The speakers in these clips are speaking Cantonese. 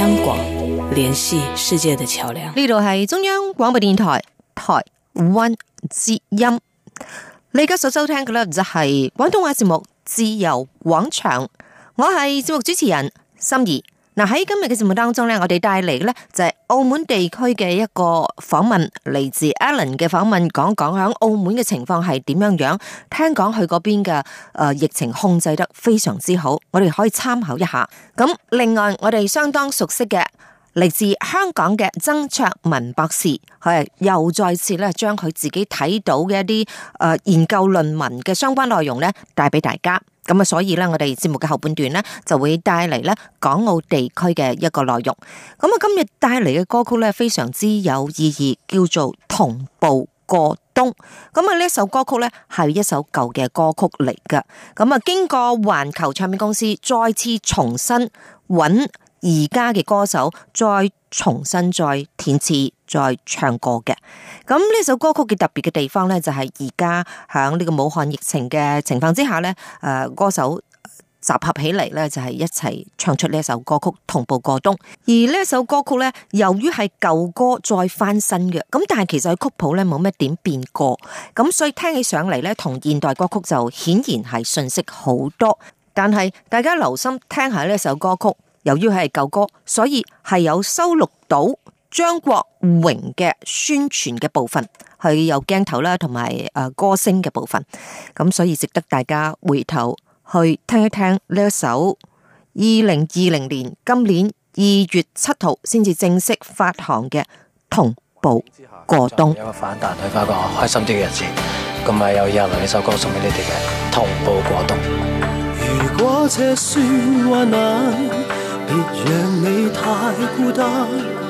香港聯繫世界的橋梁。呢度係中央廣播電台台灣之音，你而家所收聽嘅咧就係廣東話節目《自由廣場》，我係節目主持人心怡心儀。喺今日嘅節目當中咧，我哋帶嚟嘅咧就係澳門地區嘅一個訪問，嚟自 Alan 嘅訪問，講講響澳門嘅情況係點樣樣。聽講佢嗰邊嘅誒，疫情控制得非常之好，我哋可以參考一下。咁另外，我哋相當熟悉嘅嚟自香港嘅曾卓文博士，佢又再次咧將佢自己睇到嘅一啲誒研究論文嘅相關內容咧帶俾大家。咁啊，所以咧，我哋節目嘅後半段咧，就會帶嚟咧港澳地區嘅一個內容。咁啊，今日帶嚟嘅歌曲咧，非常之有意義，叫做《同步過冬》。咁啊，呢一首歌曲咧，係一首舊嘅歌曲嚟嘅。咁啊，經過環球唱片公司再次重新揾而家嘅歌手，再重新再填詞。再唱歌嘅，咁呢首歌曲嘅特別嘅地方咧，就係而家響呢個武漢疫情嘅情況之下咧，誒，歌手集合起嚟咧，就係一齊唱出呢一首歌曲，同步過冬。而呢一首歌曲咧，由於係舊歌再翻新嘅，咁但係其實佢曲譜咧冇乜點變過，咁所以聽起上嚟咧，同現代歌曲就顯然係遜色好多。但係大家留心聽下呢一首歌曲，由於係舊歌，所以係有收錄到。張國榮嘅宣傳嘅部分，係有鏡頭啦，同埋誒，歌聲嘅部分，咁所以值得大家回頭去聽一聽呢一首二零二零年今年二月七號先至正式發行嘅《同步過冬》。有個反彈，可以發覺開心啲嘅日子，咁啊有以下呢首歌送俾你哋嘅《同步過冬》。如果這算患難，別讓你太孤單。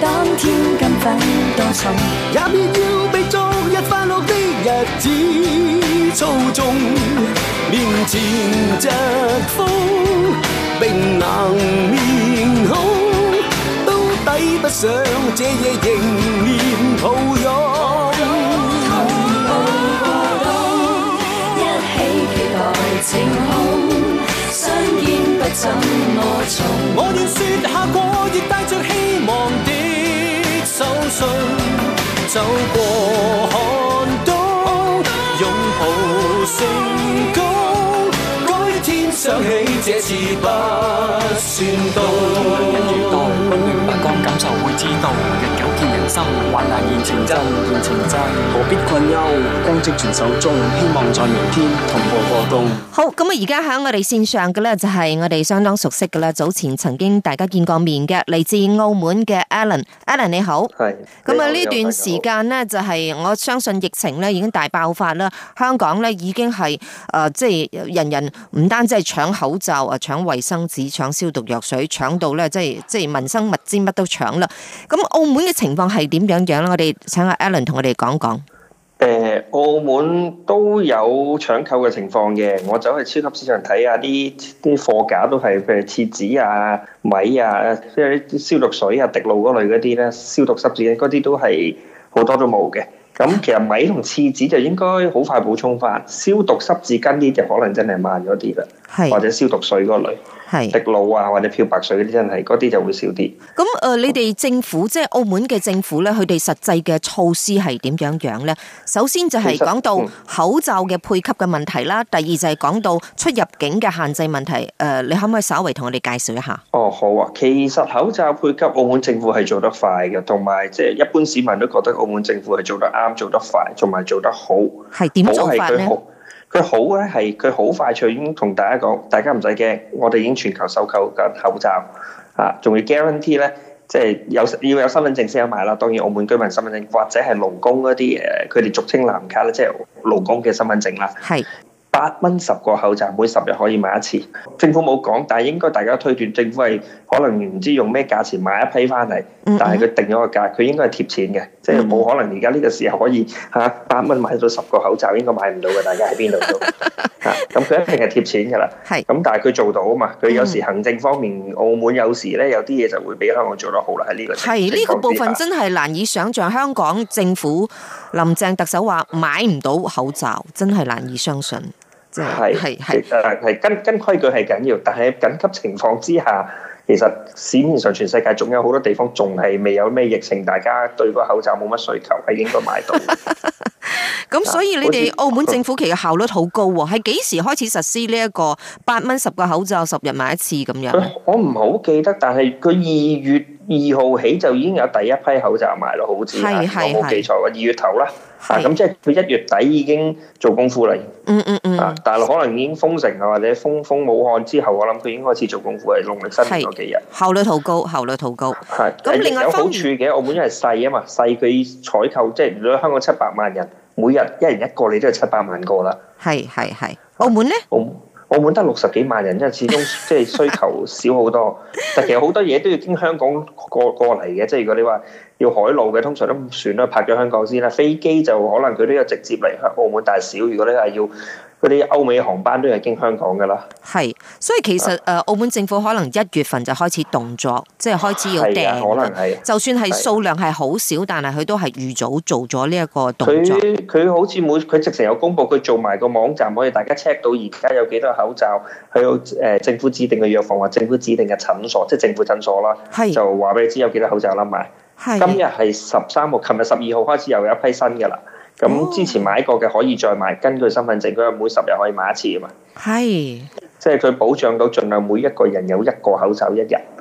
當天金粉多重，也必要被昨日快樂的日子操縱。面前疾風，并難面孔，都抵不上這夜迎面抱擁。同步過冬，一起期待晴空，雙肩不怎麼重。我願說下果亦帶着希望。走過寒冬，擁抱成功，改天想起這次不算多。感受會知道，日久見人心，患難見情真。情真何必困憂？光跡傳手中，希望在明天同步過冬。好咁啊！而家喺我哋線上嘅呢，就係、是、我哋相當熟悉嘅啦。早前曾經大家見過面嘅，嚟自澳門嘅 Alan，Alan 你好。係咁啊！呢段時間呢，好就係我相信疫情呢已經大爆發啦。香港呢已經係誒，即、呃、係、就是、人人唔單止係搶口罩啊，搶衛生紙、搶消毒藥水，搶到呢，即係即係民生物資乜～都搶啦，咁澳門嘅情況係點樣樣咧？我哋請阿 Allen 同我哋講講。誒，澳門都有搶購嘅情況嘅。我走去超級市場睇下啲啲貨架都係譬如廁紙啊、米啊，即係啲消毒水啊、滴露嗰類嗰啲咧，消毒濕紙巾嗰啲都係好多都冇嘅。咁其實米同廁紙就應該好快補充翻，消毒濕紙巾嗰啲就可能真係慢咗啲啦，是或者消毒水嗰類。係滴露啊，或者漂白水嗰啲真係，嗰啲就會少啲。咁誒，你哋政府即係澳門嘅政府咧，佢哋實際嘅措施係點樣樣咧？首先就係講到口罩嘅配給嘅問題啦，嗯、第二就係講到出入境嘅限制問題。誒，你可唔可以稍微同我哋介紹一下？哦，好啊。其實口罩配給，澳門政府係做得快嘅，同埋即係一般市民都覺得澳門政府係做得啱、做得快，同埋做得好。係點做法咧？佢好咧，係佢好快脆，已經同大家講，大家唔使驚，我哋已經全球收購緊口罩啊！仲要 guarantee 咧，即係有要有身份證先有買啦。當然，澳門居民身份證或者係勞工嗰啲誒，佢哋俗稱藍卡咧，即係勞工嘅身份證啦。係。八蚊十個口罩，每十日可以買一次。政府冇講，但係應該大家推斷，政府係可能唔知用咩價錢買一批翻嚟，但係佢定咗個價，佢應該係貼錢嘅，即係冇可能而家呢個時候可以吓八蚊買到十個口罩，應該買唔到嘅。大家喺邊度都吓、 啊，咁佢一定係貼錢噶啦。係，咁但係佢做到啊嘛，佢有時行政方面，澳門有時咧有啲嘢就會比香港做得好啦。喺呢個係呢個部分真係難以想象。香港政府林鄭特首話買唔到口罩，真係難以相信。係係係，誒，係跟跟規矩係緊要，但係緊急情況之下，其實市面上全世界仲有好多地方仲係未有咩疫情，大家對個口罩冇乜需求，係應該買到。咁所以你哋澳門政府其實效率好高喎，係幾時開始實施呢一個八蚊十個口罩，十日買一次咁樣？我唔好記得，但係佢二月。二號起就已經有第一批口罩賣咯，好似啊，我冇記錯喎，二月頭啦。係啊，咁即係佢一月底已經做功夫啦、嗯。嗯嗯嗯。大陸、啊、可能已經封城啊，或者封封武漢之後，我諗佢已經開始做功夫嚟，農曆新年嗰幾日。效率好高，效率好高。係係，咁另外一有好處嘅，澳門因為細啊嘛，細佢採購，即係如果香港七百萬人，每日一人一個，你都係七百萬個啦。係係係。澳門咧？澳澳門得六十幾萬人，因為始終即係需求少好多， 但其實好多嘢都要經香港過過嚟嘅。即係如果你話要海路嘅，通常都唔算啦，泊咗香港先啦。飛機就可能佢都有直接嚟香港、澳門，但係少。如果你係要。嗰啲歐美航班都係經香港噶啦，係，所以其實誒，澳門政府可能一月份就開始動作，即係開始要訂啦。可能係，就算係數量係好少，但係佢都係預早做咗呢一個動作。佢好似每佢直情有公佈，佢做埋個網站，可以大家 check 到而家有幾多口罩去到誒政府指定嘅藥房或政府指定嘅診所，即係政府診所啦，係，就話俾你知有幾多口罩啦嘛。係，今日係十三號，琴日十二號開始又有一批新嘅啦。.咁、哦、之前買過嘅可以再買，根據身份證，佢有每十日可以買一次啊嘛。係是，即係佢保障到，儘量每一個人有一個口罩一日。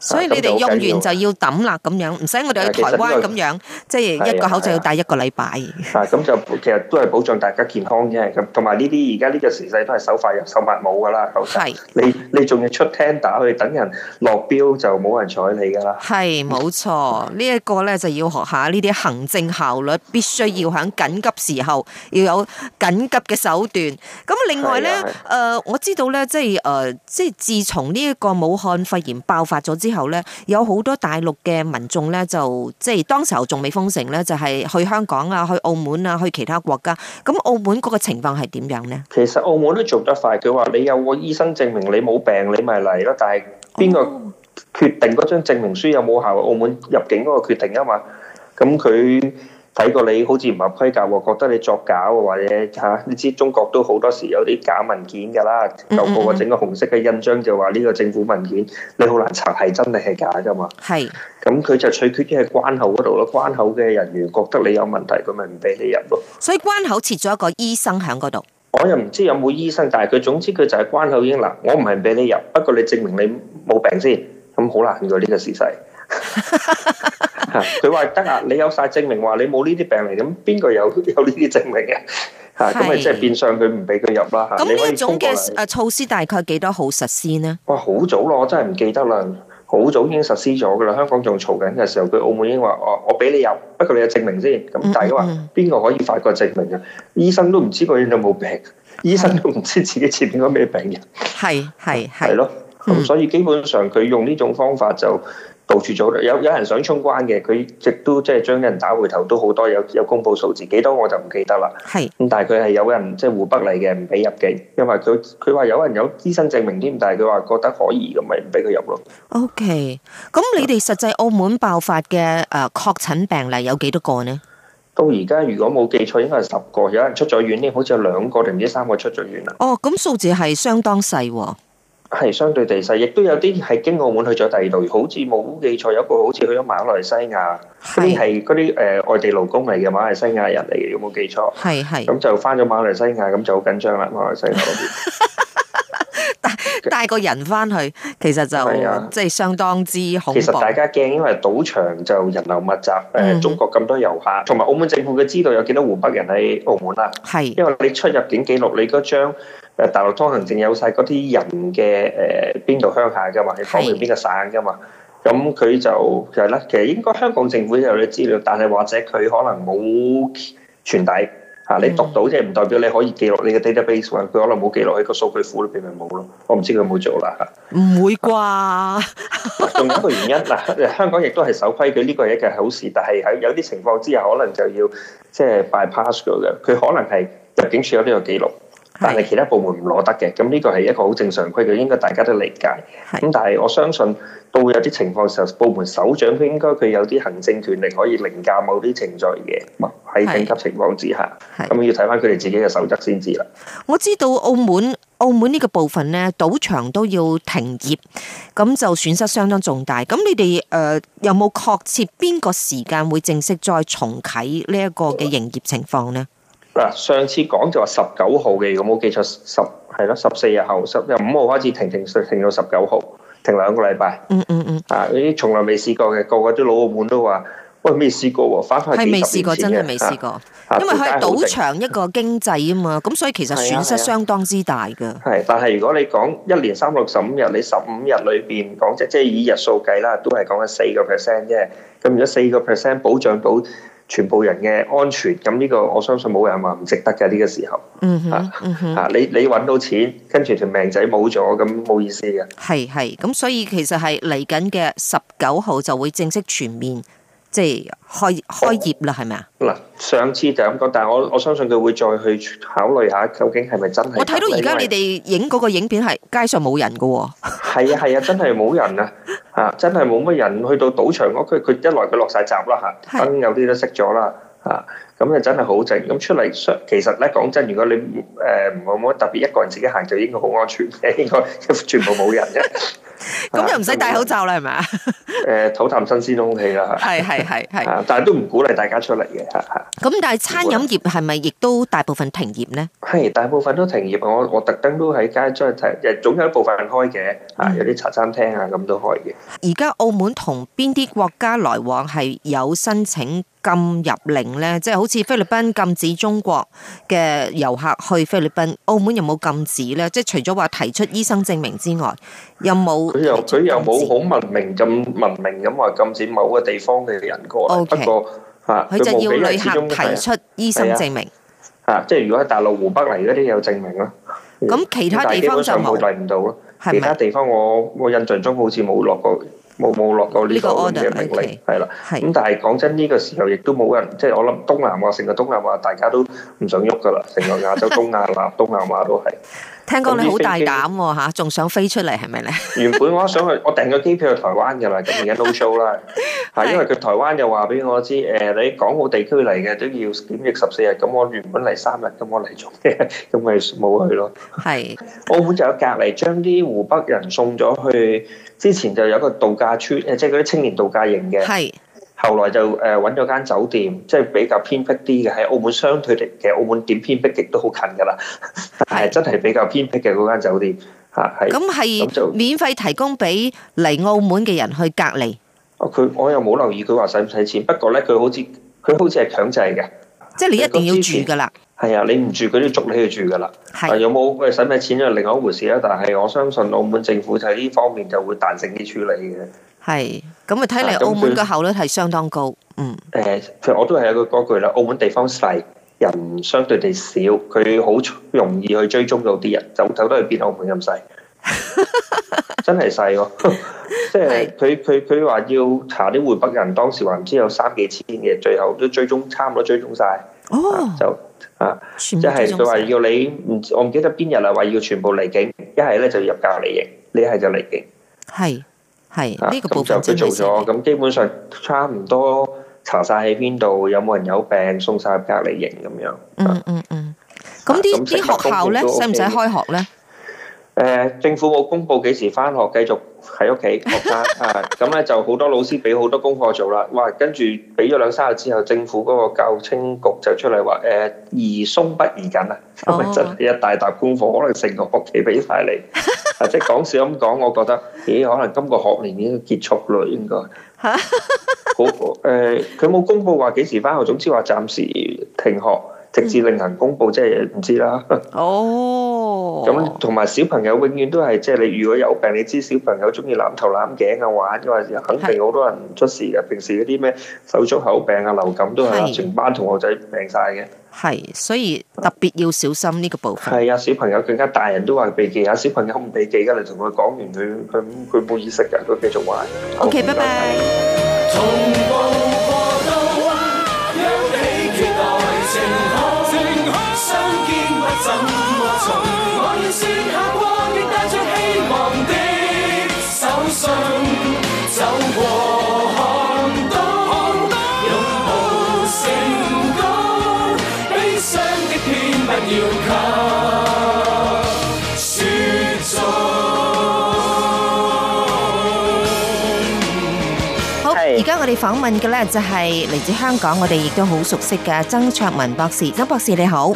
所以你哋用完就要抌啦，咁樣唔使我哋去台灣咁樣，即係一個口罩要戴一個禮拜。啊、這個，咁就其實都係保障大家健康啫。咁同埋呢啲而家呢個時勢都係手快有手慢冇噶啦，確係是你你仲要出廳打去等人落標就冇人睬你噶啦。係冇錯，呢一的個咧就要學下呢啲行政效率，必須要響緊急時候要有緊急嘅手段。咁另外咧，誒、呃，我知道咧，即係誒，即係自從呢一個武漢肺炎爆發咗之後，之後咧，有好多大陸嘅民眾咧，就即係當時候仲未封城咧，就係、是、去香港啊、去澳門啊、去其他國家、啊。咁澳門嗰個情況係點樣呢？其實澳門都做得快，佢話你有個醫生證明你冇病，你咪嚟咯。但係邊個決定嗰張證明書有冇效？澳門入境嗰個決定啊嘛，咁佢。睇過你好似唔合規格喎，覺得你作假或者嚇，你知中國都好多時有啲假文件㗎啦，又個、嗯嗯嗯、個整個紅色嘅印章就話呢個政府文件，你好難查係真定係假㗎嘛。係是，咁佢就取決於關口嗰度咯，關口嘅人員覺得你有問題，佢咪唔俾你入咯。所以關口設咗一個醫生喺嗰度，我又唔知有冇醫生，但係佢總之佢就係關口閂啦。我唔係俾你入，不過你證明你冇病先，咁好難噶呢個時勢。佢話得啊，你有晒證明話你冇呢啲病嚟，咁邊個有有呢啲證明啊？咁咪即係變相佢唔俾佢入啦。咁呢種嘅誒措施大概幾多好實施呢？哇，好早咯，我真係唔記得啦。好早已經實施咗噶啦。香港仲嘈緊嘅時候，佢澳門已經話哦，我俾你入，不過你有證明先。咁但係佢話邊個可以發個證明啊？嗯嗯，醫生都唔知佢有冇病，是醫生都唔知自己前面咩病人。係係係，係咯。咁、嗯、所以基本上佢用呢種方法就。部署咗，有有人想衝關嘅，佢亦都即係將人打回頭都好多，有有公布數字幾多我就唔記得啦。係咁是，但係佢係有人即係、就是、湖北嚟嘅，唔俾入境，因為佢佢話有人有醫生證明添，但係佢話覺得可疑咁，咪唔俾佢入咯。OK，咁你哋實際澳門爆發嘅誒確診病例有幾多個呢？到而家如果冇記錯，應該係十個，有人出咗院呢，好似有兩個定唔知三個出咗院啦。哦，咁數字係相當細。係相對地細亦都有啲係經澳門去咗第二度，好似冇記錯，有一個好似去咗馬來西亞，啲係嗰啲誒外地勞工嚟嘅，馬來西亞人嚟嘅，有冇記錯，係係，咁就返咗馬來西亞，咁就好緊張啦，馬來西亞嗰邊。 帶個人翻去，其實就、哎、呀即係相當之恐怖。其實大家驚，因為賭場就人流密集，誒、嗯哼，中國咁多遊客，同埋澳門政府佢知道有幾多湖北人喺澳門啦、啊。係是，因為你出入境記錄，你嗰張誒大陸通行證有晒嗰啲人嘅誒邊度鄉下噶嘛，你方便邊個省噶嘛。咁佢是、嗯、就其實咧，其實應該香港政府就有啲資料，但係或者佢可能冇傳遞。嚇你讀到即係唔代表你可以記錄你嘅 database 佢可能冇記錄喺個數據庫裏邊咪冇咯，我唔知佢有冇做啦嚇。唔會啩？仲 有一個原因嗱，香港亦都係守規矩，呢個係一件好事。但係喺有啲情況之下，可能就要即係 bypass 佢嘅。佢可能係入境處有呢個記錄，但係其他部門唔攞得嘅。咁呢個係一個好正常規矩，應該大家都理解。咁但係我相信到有啲情況時候，部門首長應該佢有啲行政權力可以凌駕某啲程序嘅。喺緊急情況之下，咁要睇翻佢哋自己嘅守則先知啦。我知道澳門澳門呢個部分呢，賭場都要停業，咁就損失相當重大。咁你哋誒、呃、有冇確切邊個時間會正式再重啟呢一個嘅營業情況呢？嗱，上次講就話十九號嘅，如果冇記錯，十係咯十四日後，十五號開始停停，停到十九號，停兩個禮拜。嗯嗯嗯，啊，呢啲從來未試過嘅，個，個個都老澳門都話。喂，未試過喎，返去係未試過，真係未試過，啊、因為係賭場一個經濟啊嘛，咁、啊、所以其實損失相當之大噶。係、啊啊啊，但係如果你講一年三百六十五日，你十五日裏邊講即即以日數計啦，都係講緊四個 percent 啫。咁如果四個 percent 保障到全部人嘅安全，咁呢個我相信冇人話唔值得嘅呢、這個時候。啊、嗯哼，嗯哼、啊、你你搵到錢，跟住條命仔冇咗，咁冇意思嘅。係係，咁所以其實係嚟緊嘅十九號就會正式全面。即係開開業啦，係咪啊？嗱，上次就咁講，但係我我相信佢會再去考慮下，究竟係咪真係？我睇到而家你哋影嗰個影片係街上冇人噶、哦啊。係啊係啊，真係冇人 啊人！啊，真係冇乜人，去到賭場嗰區，佢一來佢落晒閘啦吓，燈有啲都熄咗啦啊！咁就真係好靜！咁出嚟，其實咧，講真，如果你誒唔好唔好特別一個人自己行，就應該好安全嘅，應該全部冇人嘅。咁又唔使戴口罩啦，係咪啊？誒、呃，唞啖新鮮空氣啦，係係係係。但係都唔鼓勵大家出嚟嘅，係咁，但係餐飲業係咪亦都大部分停業呢？係大部分都停業，我我特登都喺街出去睇，誒總有一部分開嘅，啊、嗯、有啲茶餐廳啊咁都開嘅。而家澳門同邊啲國家來往係有申請禁入令呢？即、就、係、是、好。好似菲律賓禁止中國嘅遊客去菲律賓，澳門有冇禁止咧？即係除咗話提出醫生證明之外，有冇佢又佢又冇好文明咁文明咁話禁止某個地方嘅人過嚟不過吓，佢就要旅客提出醫生證明吓，即係如果喺大陸湖北嚟嗰啲有證明咯。咁其他地方就冇嚟唔到咯，係咪？其他地方我我印象中好似冇落過。冇冇落過呢個嘅命令，係啦。咁但係講真，呢、這個時候亦都冇人，即、就、係、是、我諗東南亞，成個東南亞大家都唔想喐噶啦，成個亞洲東亞啦， 東南亞都係。聽講你好大膽喎，仲想飛出嚟係咪咧？是是呢原本我想去，我訂咗機票去台灣嘅啦，咁而家 no show 啦。係 是因為佢台灣又話俾我知，誒、呃，你港澳地區嚟嘅都要檢疫十四日，咁我原本嚟三日，咁我嚟做咩？咁咪冇去咯。係是，澳門就有隔離，將啲湖北人送咗去，之前就有一個度假村，誒，即係嗰啲青年度假營嘅。係。後來就誒揾咗間酒店，即係比較偏僻啲嘅，喺澳門相對嚟，其實澳門點偏僻極都好近㗎啦，但係真係比較偏僻嘅嗰間酒店嚇係。咁係免費提供俾嚟澳門嘅人去隔離。哦，佢我又冇留意佢話使唔使錢，不過咧佢好似佢好似係強制嘅，即係你一定要住㗎啦。係啊，你唔住佢都捉你去住㗎啦。係有冇佢使唔使錢又另外一回事啦，但係我相信澳門政府喺呢方面就會彈性啲處理嘅。係咁啊！睇嚟澳門嘅效率係相當高，嗯。誒、啊呃，其實我都係有個講句啦，澳門地方細，人相對地少，佢好容易去追蹤到啲人，走走都去邊？澳門咁細， 真係細咯！即係佢佢佢話要查啲湖北人，當時話唔知有三幾千嘅，最後都追蹤差唔多追蹤晒。哦，就啊，即係佢話要你唔我唔記得邊日啦，話要全部離境，一係咧就入隔離營，你一係就離境。係。係，咁就佢做咗，咁基本上差唔多查晒喺邊度，有冇人有病，送晒入隔離營咁樣。嗯嗯嗯，咁啲學校咧，使唔使開學咧？誒，政府冇公佈幾時翻學，繼續。喺屋企學生 啊，咁咧就好多老師俾好多功課做啦。哇，跟住俾咗兩三日之後，政府嗰個教青局就出嚟話：誒、呃，宜鬆不宜緊啊，因為真係一大沓功課，可能成個學期俾晒你。 啊，即、就、係、是、講笑咁講，我覺得咦，可能今個學年已經結束啦，應該嚇。 好誒，佢、呃、冇公佈話幾時返學，總之話暫時停學，直至另行公佈不，即係唔知啦。哦。咁同埋小朋友永遠都係即係你如果有病，你知小朋友中意攬頭攬頸啊，玩嘅話，肯定好多人出事嘅。平時嗰啲咩手足口病啊、流感都係成班同學仔病曬嘅。係，所以特別要小心呢個部分。係啊，小朋友更加大人都話避忌啊，小朋友唔避忌嘅，你同佢講完佢佢佢冇意識嘅，佢都繼續玩。OK，拜拜。好，而家我哋訪問嘅呢就係嚟自香港，我哋亦都好熟悉嘅曾卓文博士。曾博士，你好。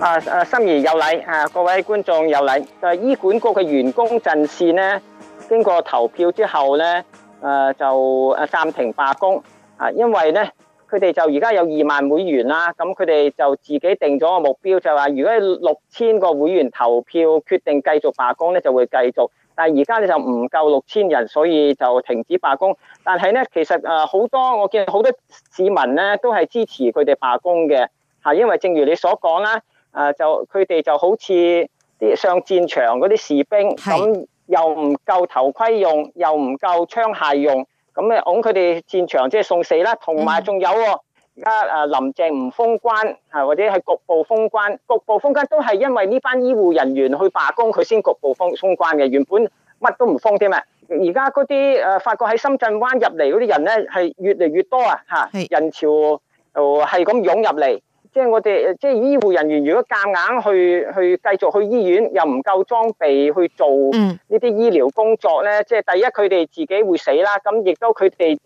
啊，啊！心儀有禮，啊，各位觀眾有禮。就係，是，醫管局嘅員工陣線呢經過投票之後呢誒，啊、就誒暫停罷工。啊，因為呢，佢哋就而家有二萬會員啦，咁佢哋就自己定咗個目標，就話如果六千個會員投票決定繼續罷工呢，就會繼續。但係而家呢就唔夠六千人，所以就停止罷工。但係呢，其實誒好多我見好多市民呢，都係支持佢哋罷工嘅，吓，啊，因為正如你所講啦。啊！就佢哋就好似啲上戰場嗰啲士兵，咁又唔夠頭盔用，又唔夠槍械用，咁咧擁佢哋戰場即係送死啦。同埋仲有喎，而家啊林鄭唔封關啊，或者係局部封關，局部封關都係因為呢班醫護人員去罷工，佢先局部封封關嘅。原本乜都唔封添啊！而家嗰啲誒，發覺喺深圳灣入嚟嗰啲人咧，係越嚟越多啊！嚇，人潮就係咁湧入嚟。即係我哋，即係醫護人員，如果夾硬去去繼續去醫院，又唔夠裝備去做呢啲醫療工作咧，即係，嗯，第一，佢哋自己會死啦。咁亦都佢哋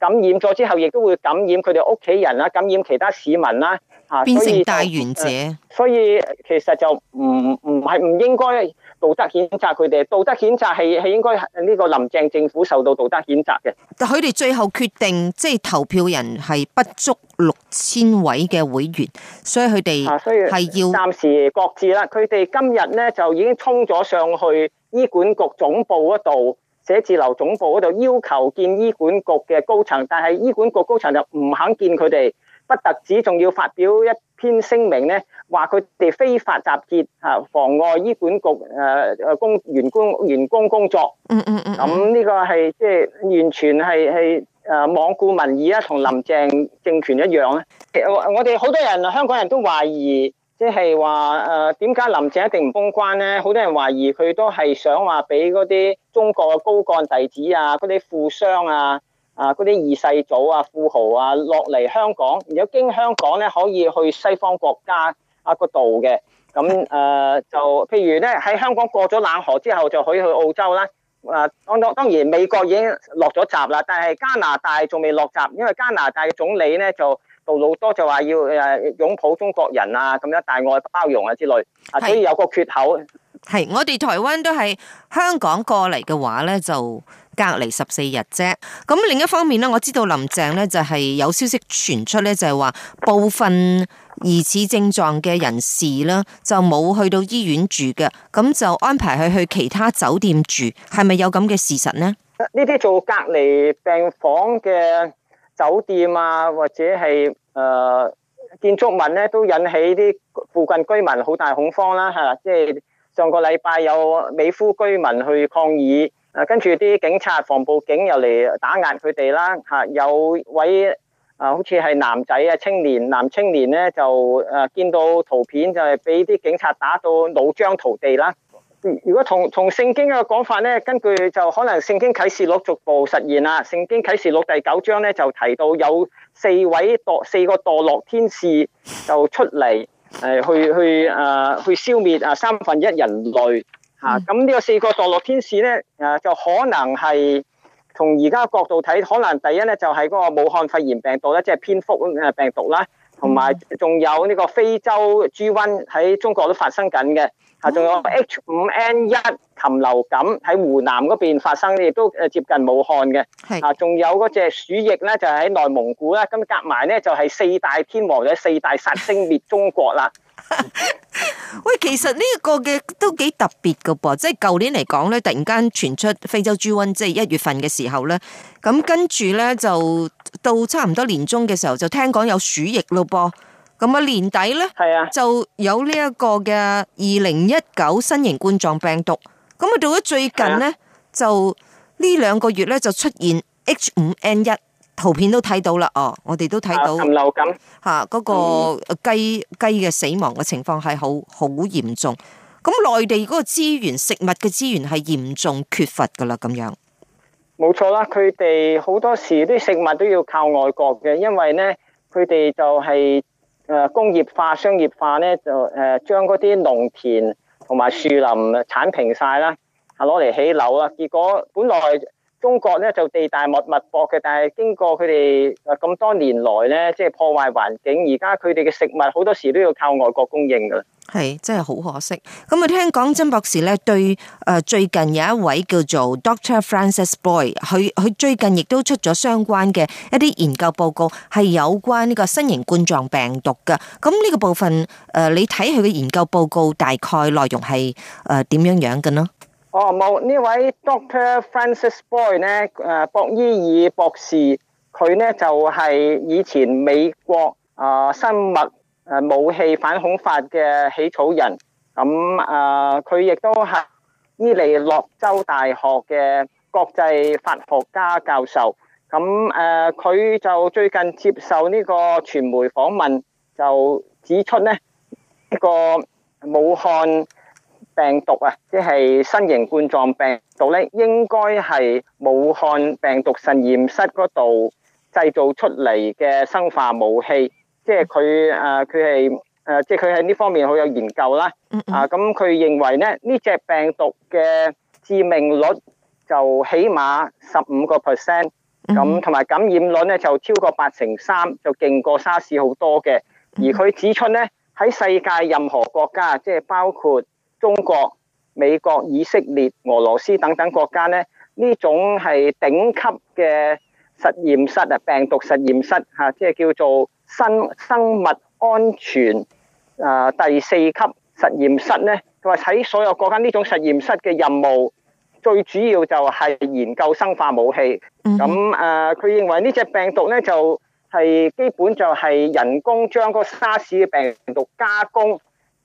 感染咗之後，亦都會感染佢哋屋企人啦，感染其他市民啦，啊，變成大原者。所以，所以其實就唔唔係唔應該。道德譴責佢哋，道德譴責係係應該呢個林鄭政府受到道德譴責嘅。但佢哋最後決定，即係投票人係不足六千位嘅會員，所以佢哋係要暫時擱置啦。佢哋今日咧就已經衝咗上去醫管局總部嗰度，寫字樓總部嗰度要求見醫管局嘅高層，但係醫管局高層就唔肯見佢哋。不特止仲要發表一篇聲明咧，話佢哋非法集結嚇，妨礙醫管局誒誒工員工員工工作。嗯嗯嗯。咁呢個係即係完全係係誒罔顧民意啊，同林鄭政權一樣啊。我我哋好多人香港人都懷疑，即係話誒點解林鄭一定唔封關咧？好多人懷疑佢都係想話俾嗰啲中國嘅高幹弟子啊，嗰啲富商啊。啊！嗰啲二世祖啊、富豪啊落嚟香港，如果經香港咧，可以去西方國家啊個度嘅。咁誒、呃、就譬如咧喺香港過咗冷河之後，就可以去澳洲啦。啊，當當當然美國已經落咗閘啦，但係加拿大仲未落閘，因為加拿大嘅總理咧就杜魯多就話要誒擁抱中國人啊，咁樣大愛包容啊之類。係，所以有個缺口。係，我哋台灣都係香港過嚟嘅話咧就。隔離十四日啫。咁另一方面咧，我知道林鄭咧就係有消息傳出咧，就係話部分疑似症狀嘅人士啦，就冇去到醫院住嘅，咁就安排佢去其他酒店住，係咪有咁嘅事實呢？呢啲做隔離病房嘅酒店啊，或者係誒建築物咧，都引起啲附近居民好大恐慌啦。吓，即係上個禮拜有美孚居民去抗議。跟住啲警察防暴警又嚟打壓佢哋啦，嚇！有位啊，好似係男仔啊，青年男青年咧就啊，見到圖片就係俾啲警察打到腦漿塗地啦。如果同同聖經嘅講法咧，根據就可能聖經啟示錄逐步實現啦。聖經啟示錄第九章咧就提到有四位墮，四個墮落天使就出嚟誒去去啊去消滅啊三分一人類。啊，咁呢個四個墮落天使咧，誒就可能係從而家角度睇，可能第一咧就係嗰個武漢肺炎病毒咧，即係蝙蝠誒病毒啦，同埋仲有呢個非洲豬瘟喺中國都發生緊嘅，啊，仲有 H 五 N 一禽流感喺湖南嗰邊發生，亦都誒接近武漢嘅，啊，仲有嗰隻鼠疫咧，就係喺內蒙古啦，咁夾埋咧就係四大天王嘅四大殺星滅中國啦。喂， 其實呢個嘅都幾特別噶噃，即係舊年嚟講咧，突然間傳出非洲豬瘟，即係一月份嘅時候咧，咁跟住咧就到差唔多年中嘅時候就聽講有鼠疫咯噃，咁啊年底咧，係啊，就有呢一個嘅二零一九新型冠狀病毒，咁啊到咗最近咧就呢兩個月咧就出現 H 五 N 一。圖片都睇到啦，哦，我哋都睇到流感吓，嗰個雞雞嘅死亡嘅情況係好好嚴重，咁內地嗰個資源食物嘅資源係嚴重缺乏噶啦，咁樣。冇錯啦，佢哋好多時啲食物都要靠外國嘅，因為咧佢哋就係誒工業化、商業化咧，就誒將嗰啲農田同埋樹林鏟平晒啦，係攞嚟起樓啦，結果本來。中國呢就地大物物博嘅，但係經過佢哋呃咁多年來呢，即係破壞環境，而家佢哋嘅食物好多時都要靠外國供應㗎喇。係真係好可惜。咁啊，聽講曾博士呢對呃最近有一位叫做 Dr. Francis Boy，佢佢最近亦都出咗相關嘅一啲研究報告，係有關呢個新型冠狀病毒嘅。咁呢個部分呃，你睇佢嘅研究報告大概內容係呃點樣樣嘅呢？哦，冇呢位 Dr. Francis Boy 呢，誒，博伊爾博士，佢呢就係以前美國誒生物武器反恐法嘅起草人。咁誒，佢亦都係伊利諾州大學嘅國際法學家教授。咁誒，佢就最近接受呢個傳媒訪問，就指出呢一個武漢病毒啊，即係新型冠狀病毒咧，應該係武漢病毒實驗室嗰度製造出嚟嘅生化武器，即係佢誒佢係誒即係佢喺呢方面好有研究啦。Mm hmm. 啊，咁佢認為咧呢隻病毒嘅致命率就起碼十五個 percent，咁同埋感染率咧就超過八成三，就勁過沙士好多嘅。而佢指出咧喺世界任何國家，即係包括。中國、美國、以色列、俄羅斯等等國家呢，呢種係頂級嘅實驗室啊，病毒實驗室嚇，即係叫做生生物安全啊第四級實驗室呢，佢話喺所有國家呢種實驗室嘅任務，最主要就係研究生化武器。咁誒、mm，佢、hmm. 呃、認為呢隻病毒呢，就係、是、基本就係人工將個沙士嘅病毒加工。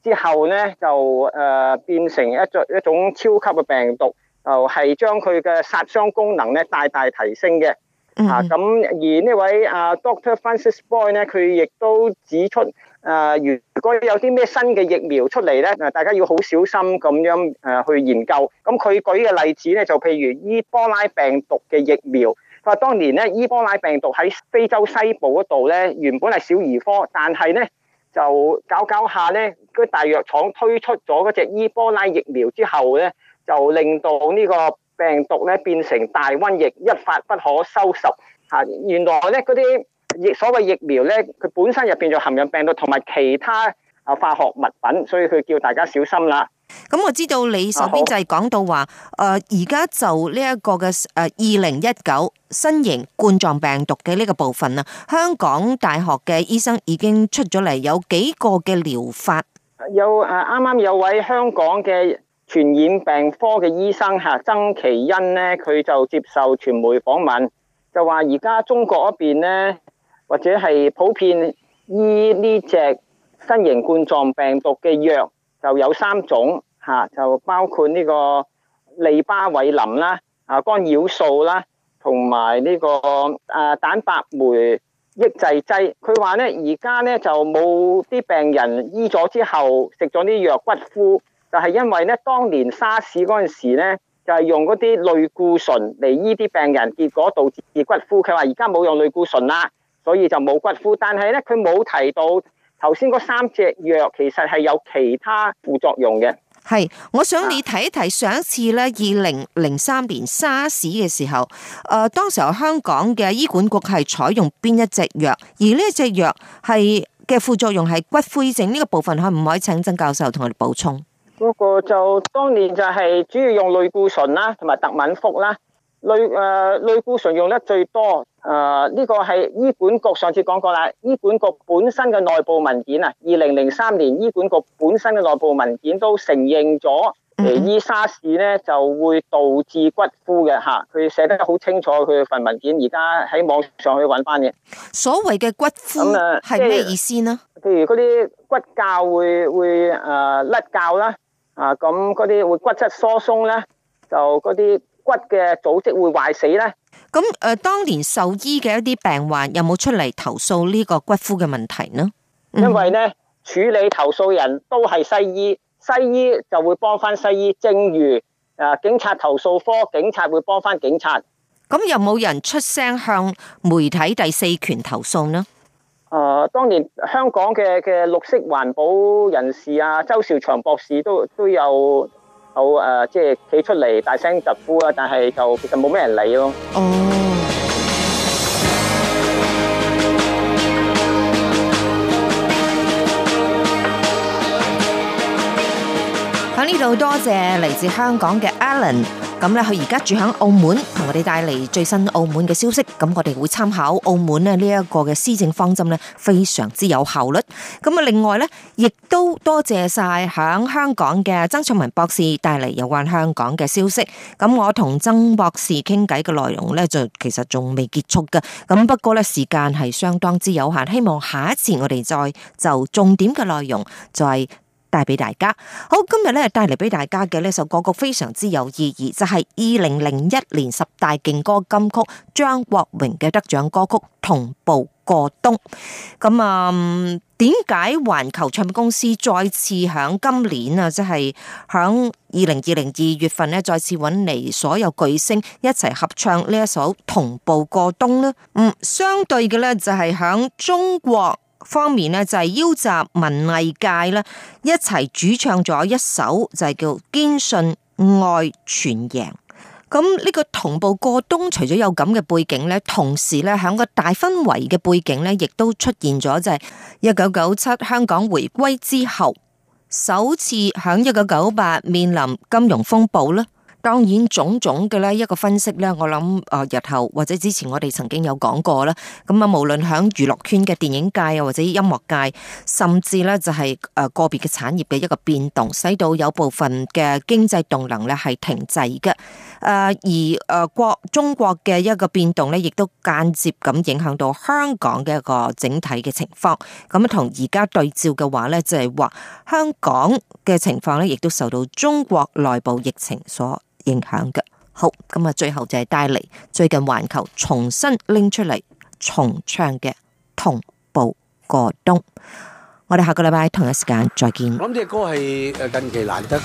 之後咧就誒變成一種一種超級嘅病毒，就係將佢嘅殺傷功能咧大大提升嘅。啊、嗯，咁而呢位阿 Doctor Francis Boy 咧，佢亦都指出誒，如果有啲咩新嘅疫苗出嚟咧，啊，大家要好小心咁樣誒去研究。咁佢舉嘅例子咧、就是，就譬如伊波拉病毒嘅疫苗，佢話當年咧伊波拉病毒喺非洲西部嗰度咧，原本係小兒科，但係咧。就搞搞下呢，嗰大藥廠推出咗嗰隻伊波拉疫苗之後呢，就令到呢個病毒呢變成大瘟疫，一發不可收拾。原來呢，嗰啲疫所謂疫苗呢，佢本身入邊就含有病毒同埋其他啊化學物品，所以佢叫大家小心啦。咁我知道你手邊就係講到話，誒而家就呢一個嘅，誒二零一九新型冠狀病毒嘅呢個部分啊，香港大學嘅醫生已經出咗嚟，有幾個嘅療法。有誒啱啱有位香港嘅傳染病科嘅醫生吓，曾其恩呢，佢就接受傳媒訪問，就話而家中國嗰邊呢，或者係普遍醫呢隻新型冠狀病毒嘅藥。就有三種嚇，就包括呢個利巴韋林啦、啊幹擾素啦，同埋呢個啊蛋白酶抑制劑。佢話咧，而家咧就冇啲病人醫咗之後食咗啲藥，骨枯，就係、是、因為咧當年沙士 r s 嗰時咧，就係、是、用嗰啲類固醇嚟醫啲病人，結果導致骨枯。佢話而家冇用類固醇啦，所以就冇骨枯。但係咧，佢冇提到。頭先嗰三隻藥其實係有其他副作用嘅，係我想你睇一睇上一次咧，二零零三年沙士嘅時候，誒、呃，當時候香港嘅醫管局係採用邊一隻藥，而呢一隻藥係嘅副作用係骨灰症呢、這個部分，可唔可以請曾教授同我哋補充？嗰個就當年就係主要用類固醇啦，同埋特敏福啦。類誒、呃、類固醇用得最多，誒、呃、呢、這個係醫管局上次講過啦。醫管局本身嘅內部文件啊，二零零三年醫管局本身嘅內部文件都承認咗，誒以沙士咧就會導致骨枯嘅㗎。佢寫得好清楚，佢份文件而家喺網上去揾返嘅。所謂嘅骨枯咁係咩意思呢？譬如嗰啲骨骼會會誒甩骹啦，啊咁嗰啲會骨質疏鬆咧，就嗰啲。骨嘅組織會壞死呢？咁誒，當年獸醫嘅一啲病患有冇出嚟投訴呢個骨科嘅問題呢？因為呢，處理投訴人都係西醫，西醫就會幫翻西醫。正如誒，警察投訴科，警察會幫翻警察。咁有冇人出聲向媒體第四權投訴呢？誒、呃，當年香港嘅嘅綠色環保人士啊，周兆祥博士都都有，有誒，即係企出嚟大聲疾呼啦，但係就其實冇咩人理咯。哦，喺呢度多謝嚟自香港嘅 Allen。咁咧，佢而家住喺澳門，同我哋帶嚟最新澳門嘅消息。咁我哋會參考澳門咧呢一個嘅施政方針咧，非常之有效率。咁啊，另外咧，亦都多謝晒響香港嘅曾翠文博士帶嚟有關香港嘅消息。咁我同曾博士傾偈嘅內容咧，就其實仲未結束嘅。咁不過咧，時間係相當之有限，希望下一次我哋再就重點嘅內容就係，是。帶俾大家，好，今日咧帶嚟俾大家嘅呢首歌曲非常之有意義，就係二零零一年十大勁歌金曲張國榮嘅得獎歌曲《同步過冬》。咁啊，點解環球唱片公司再次響今年啊，即係響二零二零二月份咧，再次揾嚟所有巨星一齊合唱呢一首《同步過冬》呢？嗯，相對嘅呢，就係響中國，方面呢，就係邀集文藝界咧一齊主唱咗一首就係叫堅信愛全贏。咁呢個同步過冬，除咗有咁嘅背景咧，同時咧響個大氛圍嘅背景咧，亦都出現咗就係一九九七香港回歸之後，首次響一九九八面臨金融風暴啦。當然，種種嘅咧一個分析咧，我諗啊，日後或者之前我哋曾經有講過啦。咁啊，無論喺娛樂圈嘅電影界啊，或者音樂界，甚至咧就係誒個別嘅產業嘅一個變動，使到有部分嘅經濟動能咧係停滯嘅。誒而誒國中國嘅一個變動咧，亦都間接咁影響到香港嘅一個整體嘅情況。咁啊，同而家對照嘅話咧，就係話香港嘅情況咧，亦都受到中國內部疫情所影響嘅好，咁啊，最後就係帶嚟最近環球重新拎出嚟重唱嘅同步過冬。我哋下個禮拜同一時間再見。我諗呢隻歌係誒近期難得誒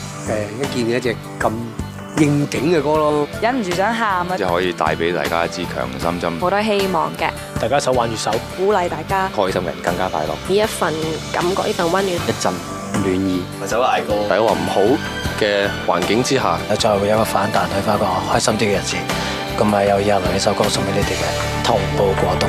一見嘅一隻咁應景嘅歌咯，忍唔住想喊啊！即係可以帶俾大家一支強心針，好多希望嘅，大家手挽住手，鼓勵大家開心嘅人更加快樂。呢一份感覺，呢份溫暖，一陣。暖意，或者捱過，喺話唔好嘅環境之下，又再會有一個反彈睇翻個開心啲嘅日子。咁咪有以下呢首歌送俾你哋嘅《同步過冬》。